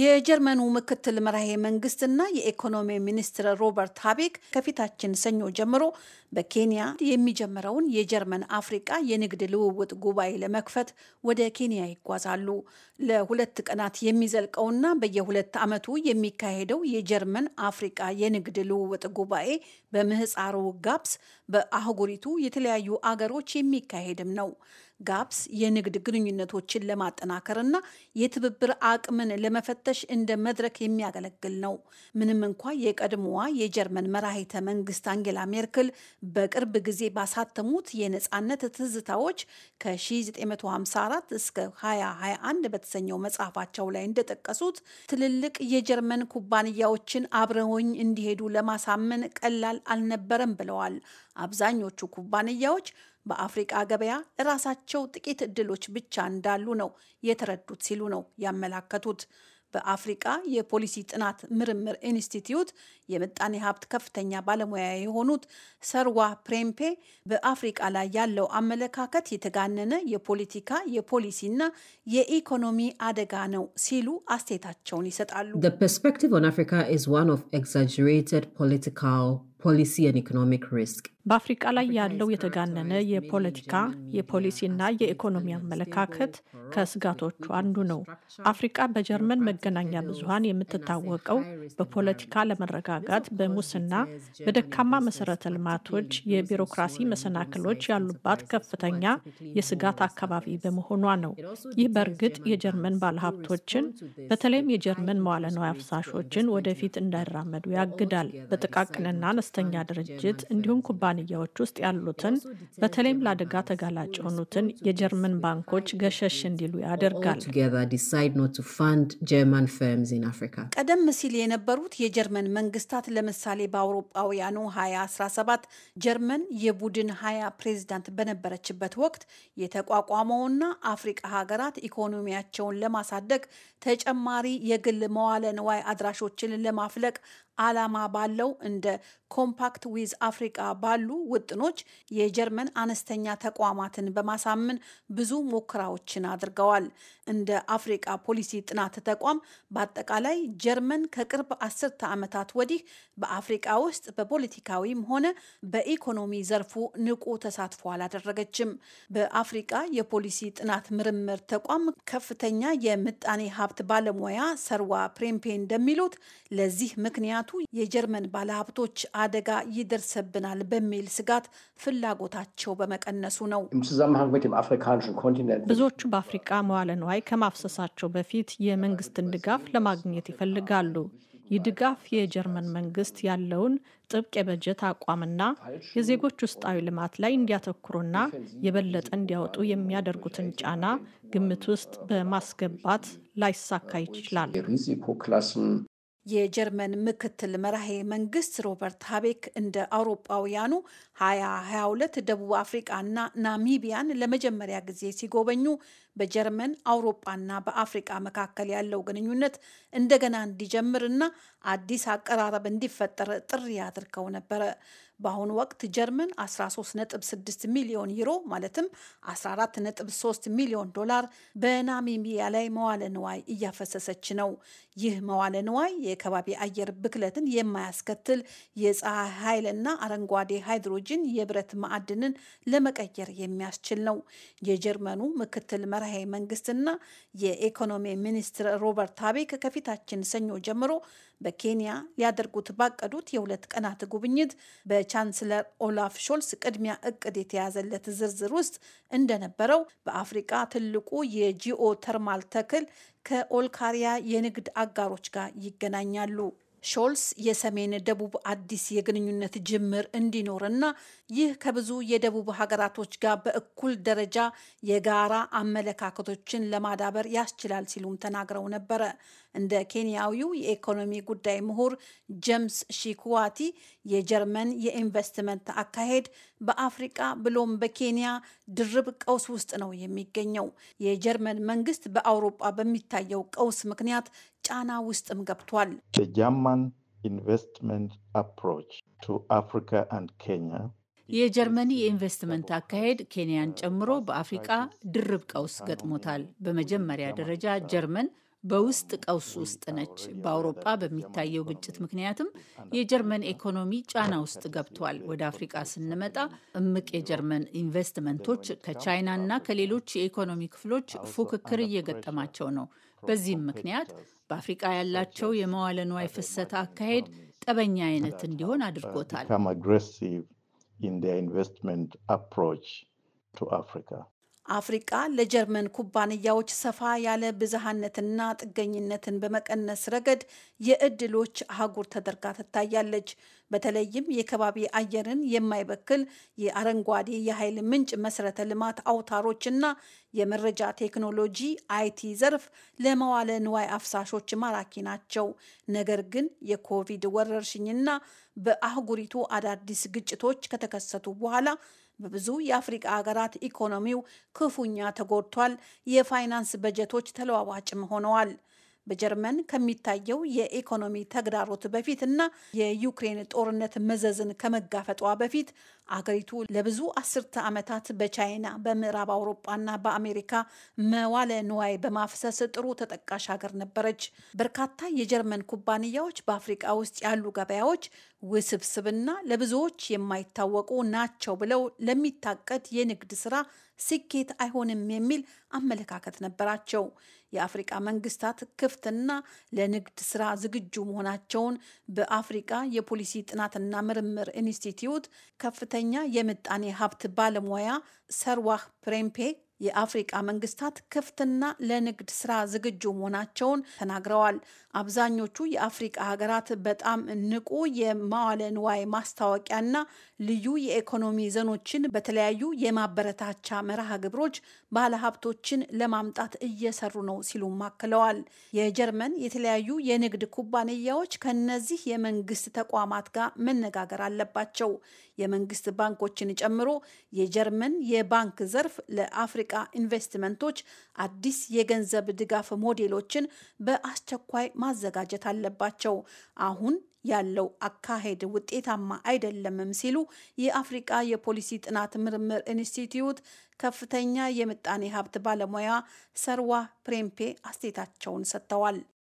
የጀርመኑ ምክትል መራሄ መንግስትና የኢኮኖሚ ሚኒስትር ሮበርት ሀቤክ ከፊታችን ሰኞ ጀምሮ በኬንያ የሚጀምረውን የጀርመን አፍሪቃ የንግድ ልውውጥ ጉባኤ ለመክፈት ወደ ኬንያ ይጓዛሉ። ለሁለት ቀናት የሚዘልቀውና በየሁለት ዓመቱ የሚካሄደው የጀርመን አፍሪቃ የንግድ ልውውጥ ጉባኤ በምህፃሩ ጋፕስ በአህጉሪቱ የተለያዩ አገሮች የሚካሄድም ነው። ጋፕስ የንግድ ግንኙነቶችን ለማጠናከርና የትብብር አቅምን ለመፈተሽ እንደ መድረክ የሚያገለግል ነው። ምንም እንኳ የቀድሞዋ የጀርመን መራሄተ መንግስት አንጌላ ሜርክል በቅርብ ጊዜ ባሳተሙት የነፃነት ትዝታዎች ከ1954 እስከ 2021 በተሰኘው መጽሐፋቸው ላይ እንደጠቀሱት ትልልቅ የጀርመን ኩባንያዎችን አብረውኝ እንዲሄዱ ለማሳመን ቀላል አልነበረም ብለዋል። አብዛኞቹ ኩባንያዎች በአፍሪቃ ገበያ ለራሳቸው ጥቂት እድሎች ብቻ እንዳሉ ነው የተረዱት ሲሉ ነው ያመላከቱት። በአፍሪቃ የፖሊሲ ጥናት ምርምር ኢንስቲትዩት የምጣኔ ሀብት ከፍተኛ ባለሙያ የሆኑት ሰርዋ ፕሬምፔ በአፍሪቃ ላይ ያለው አመለካከት የተጋነነ የፖለቲካ የፖሊሲና የኢኮኖሚ አደጋ ነው ሲሉ አስተያየታቸውን ይሰጣሉ። ፖሊሲ ኢኮኖሚክ ሪስክ በአፍሪቃ ላይ ያለው የተጋነነ የፖለቲካ የፖሊሲና የኢኮኖሚ አመለካከት ከስጋቶቹ አንዱ ነው። አፍሪቃ በጀርመን መገናኛ ብዙኃን የምትታወቀው በፖለቲካ ለመረጋጋት፣ በሙስና፣ በደካማ መሰረተ ልማቶች፣ የቢሮክራሲ መሰናክሎች ያሉባት ከፍተኛ የስጋት አካባቢ በመሆኗ ነው። ይህ በእርግጥ የጀርመን ባለሀብቶችን በተለይም የጀርመን መዋለ ንዋይ አፍሳሾችን ወደፊት እንዳይራመዱ ያግዳል። በጥቃቅንና አነስተኛ ድርጅት እንዲሁም ኩባንያዎች ውስጥ ያሉትን በተለይም ለአደጋ ተጋላጭ የሆኑትን የጀርመን ባንኮች ገሸሽ እንዲሉ ያደርጋል። ቀደም ሲል የነበሩት የጀርመን መንግስታት ለምሳሌ በአውሮጳውያኑ 2017 ጀርመን የቡድን ሀያ ፕሬዚዳንት በነበረችበት ወቅት የተቋቋመውና አፍሪቃ ሀገራት ኢኮኖሚያቸውን ለማሳደግ ተጨማሪ የግል መዋለ ንዋይ አድራሾችን ለማፍለቅ ዓላማ ባለው እንደ ኮምፓክት ዊዝ አፍሪቃ ባሉ ውጥኖች የጀርመን አነስተኛ ተቋማትን በማሳመን ብዙ ሙከራዎችን አድርገዋል። እንደ አፍሪቃ ፖሊሲ ጥናት ተቋም በአጠቃላይ ጀርመን ከቅርብ አስርተ ዓመታት ወዲህ በአፍሪቃ ውስጥ በፖለቲካዊም ሆነ በኢኮኖሚ ዘርፉ ንቁ ተሳትፎ አላደረገችም። በአፍሪቃ የፖሊሲ ጥናት ምርምር ተቋም ከፍተኛ የምጣኔ ሀብት ባለሙያ ሰርዋ ፕሬምፔ እንደሚሉት ለዚህ ምክንያት ምክንያቱ የጀርመን ባለሀብቶች አደጋ ይደርስብናል በሚል ስጋት ፍላጎታቸው በመቀነሱ ነው። ብዙዎቹ በአፍሪቃ መዋለ ንዋይ ከማፍሰሳቸው በፊት የመንግስትን ድጋፍ ለማግኘት ይፈልጋሉ። ይህ ድጋፍ የጀርመን መንግስት ያለውን ጥብቅ የበጀት አቋምና የዜጎች ውስጣዊ ልማት ላይ እንዲያተኩሩና የበለጠ እንዲያወጡ የሚያደርጉትን ጫና ግምት ውስጥ በማስገባት ላይሳካ ይችላል። የጀርመን ምክትል መራሄ መንግስት ሮበርት ሀቤክ እንደ አውሮጳውያኑ 2022 ደቡብ አፍሪቃና ናሚቢያን ለመጀመሪያ ጊዜ ሲጎበኙ በጀርመን አውሮፓና በአፍሪቃ መካከል ያለው ግንኙነት እንደገና እንዲጀምርና አዲስ አቀራረብ እንዲፈጠር ጥሪ አድርገው ነበረ። በአሁኑ ወቅት ጀርመን 136 ሚሊዮን ዩሮ ማለትም 143 ሚሊዮን ዶላር በናሚቢያ ላይ መዋለ ንዋይ እያፈሰሰች ነው። ይህ መዋለ ንዋይ የከባቢ አየር ብክለትን የማያስከትል የፀሐይ ኃይልና አረንጓዴ ሃይድሮጅን የብረት ማዕድንን ለመቀየር የሚያስችል ነው። የጀርመኑ ምክትል መርሄ መንግስትና የኢኮኖሚ ሚኒስትር ሮበርት አቤክ ከፊታችን ሰኞ ጀምሮ በኬንያ ሊያደርጉት ባቀዱት የሁለት ቀናት ጉብኝት በቻንስለር ኦላፍ ሾልስ ቅድሚያ እቅድ የተያዘለት ዝርዝር ውስጥ እንደነበረው በአፍሪቃ ትልቁ የጂኦ ተርማል ተክል ከኦልካሪያ የንግድ አጋሮች ጋር ይገናኛሉ። ሾልስ የሰሜን ደቡብ አዲስ የግንኙነት ጅምር እንዲኖርና ይህ ከብዙ የደቡብ ሀገራቶች ጋር በእኩል ደረጃ የጋራ አመለካከቶችን ለማዳበር ያስችላል ሲሉም ተናግረው ነበረ። እንደ ኬንያዊው የኢኮኖሚ ጉዳይ ምሁር ጀምስ ሺኩዋቲ የጀርመን የኢንቨስትመንት አካሄድ በአፍሪቃ ብሎም በኬንያ ድርብ ቀውስ ውስጥ ነው የሚገኘው። የጀርመን መንግስት በአውሮጳ በሚታየው ቀውስ ምክንያት ጫና ውስጥም ገብቷል። ጀርመን ኢንቨስትመንት አፕሮች ቱ አፍሪካ አንድ ኬንያ የጀርመኒ የኢንቨስትመንት አካሄድ ኬንያን ጨምሮ በአፍሪቃ ድርብ ቀውስ ገጥሞታል። በመጀመሪያ ደረጃ ጀርመን በውስጥ ቀውስ ውስጥ ነች። በአውሮጳ በሚታየው ግጭት ምክንያትም የጀርመን ኢኮኖሚ ጫና ውስጥ ገብቷል። ወደ አፍሪቃ ስንመጣ እምቅ የጀርመን ኢንቨስትመንቶች ከቻይናና ከሌሎች የኢኮኖሚ ክፍሎች ፉክክር እየገጠማቸው ነው። በዚህም ምክንያት በአፍሪቃ ያላቸው የመዋለ ንዋይ ፍሰት አካሄድ ጠበኛ አይነት እንዲሆን አድርጎታል። አፍሪቃ ለጀርመን ኩባንያዎች ሰፋ ያለ ብዝሃነትና ጥገኝነትን በመቀነስ ረገድ የእድሎች አህጉር ተደርጋ ትታያለች። በተለይም የከባቢ አየርን የማይበክል የአረንጓዴ የኃይል ምንጭ መሰረተ ልማት አውታሮችና የመረጃ ቴክኖሎጂ አይቲ ዘርፍ ለመዋለ ንዋይ አፍሳሾች ማራኪ ናቸው። ነገር ግን የኮቪድ ወረርሽኝና በአህጉሪቱ አዳዲስ ግጭቶች ከተከሰቱ በኋላ በብዙ የአፍሪቃ ሀገራት ኢኮኖሚው ክፉኛ ተጎድቷል። የፋይናንስ በጀቶች ተለዋዋጭም ሆነዋል። በጀርመን ከሚታየው የኢኮኖሚ ተግዳሮት በፊት እና የዩክሬን ጦርነት መዘዝን ከመጋፈጧ በፊት አገሪቱ ለብዙ አስርተ ዓመታት በቻይና በምዕራብ አውሮፓና በአሜሪካ መዋለ ንዋይ በማፍሰስ ጥሩ ተጠቃሽ ሀገር ነበረች። በርካታ የጀርመን ኩባንያዎች በአፍሪቃ ውስጥ ያሉ ገበያዎች ውስብስብና ለብዙዎች የማይታወቁ ናቸው ብለው ለሚታቀድ የንግድ ስራ ስኬት አይሆንም የሚል አመለካከት ነበራቸው። የአፍሪቃ መንግስታት ክፍትና ለንግድ ስራ ዝግጁ መሆናቸውን በአፍሪቃ የፖሊሲ ጥናትና ምርምር ኢንስቲትዩት ከፍተኛ የምጣኔ ሀብት ባለሙያ ሰርዋህ ፕሬምፔ የአፍሪቃ መንግስታት ክፍትና ለንግድ ስራ ዝግጁ መሆናቸውን ተናግረዋል። አብዛኞቹ የአፍሪቃ ሀገራት በጣም ንቁ የማዋለ ንዋይ ማስታወቂያና ልዩ የኢኮኖሚ ዘኖችን በተለያዩ የማበረታቻ መርሃ ግብሮች ባለሀብቶችን ለማምጣት እየሰሩ ነው ሲሉም አክለዋል። የጀርመን የተለያዩ የንግድ ኩባንያዎች ከነዚህ የመንግስት ተቋማት ጋር መነጋገር አለባቸው። የመንግስት ባንኮችን ጨምሮ የጀርመን የባንክ ዘርፍ ለአፍሪ የጥበቃ ኢንቨስትመንቶች አዲስ የገንዘብ ድጋፍ ሞዴሎችን በአስቸኳይ ማዘጋጀት አለባቸው። አሁን ያለው አካሄድ ውጤታማ አይደለምም ሲሉ የአፍሪቃ የፖሊሲ ጥናት ምርምር ኢንስቲትዩት ከፍተኛ የምጣኔ ሀብት ባለሙያ ሰርዋ ፕሬምፔ አስተያየታቸውን ሰጥተዋል።